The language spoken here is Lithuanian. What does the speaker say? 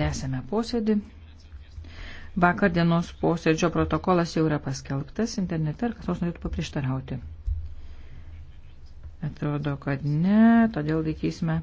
Tęsėme posėdį. Vakar dienos posėdžio protokolas jau yra paskelbtas internete ir kas nors norėtų paprieštarauti. Atrodo, kad ne, todėl laikysime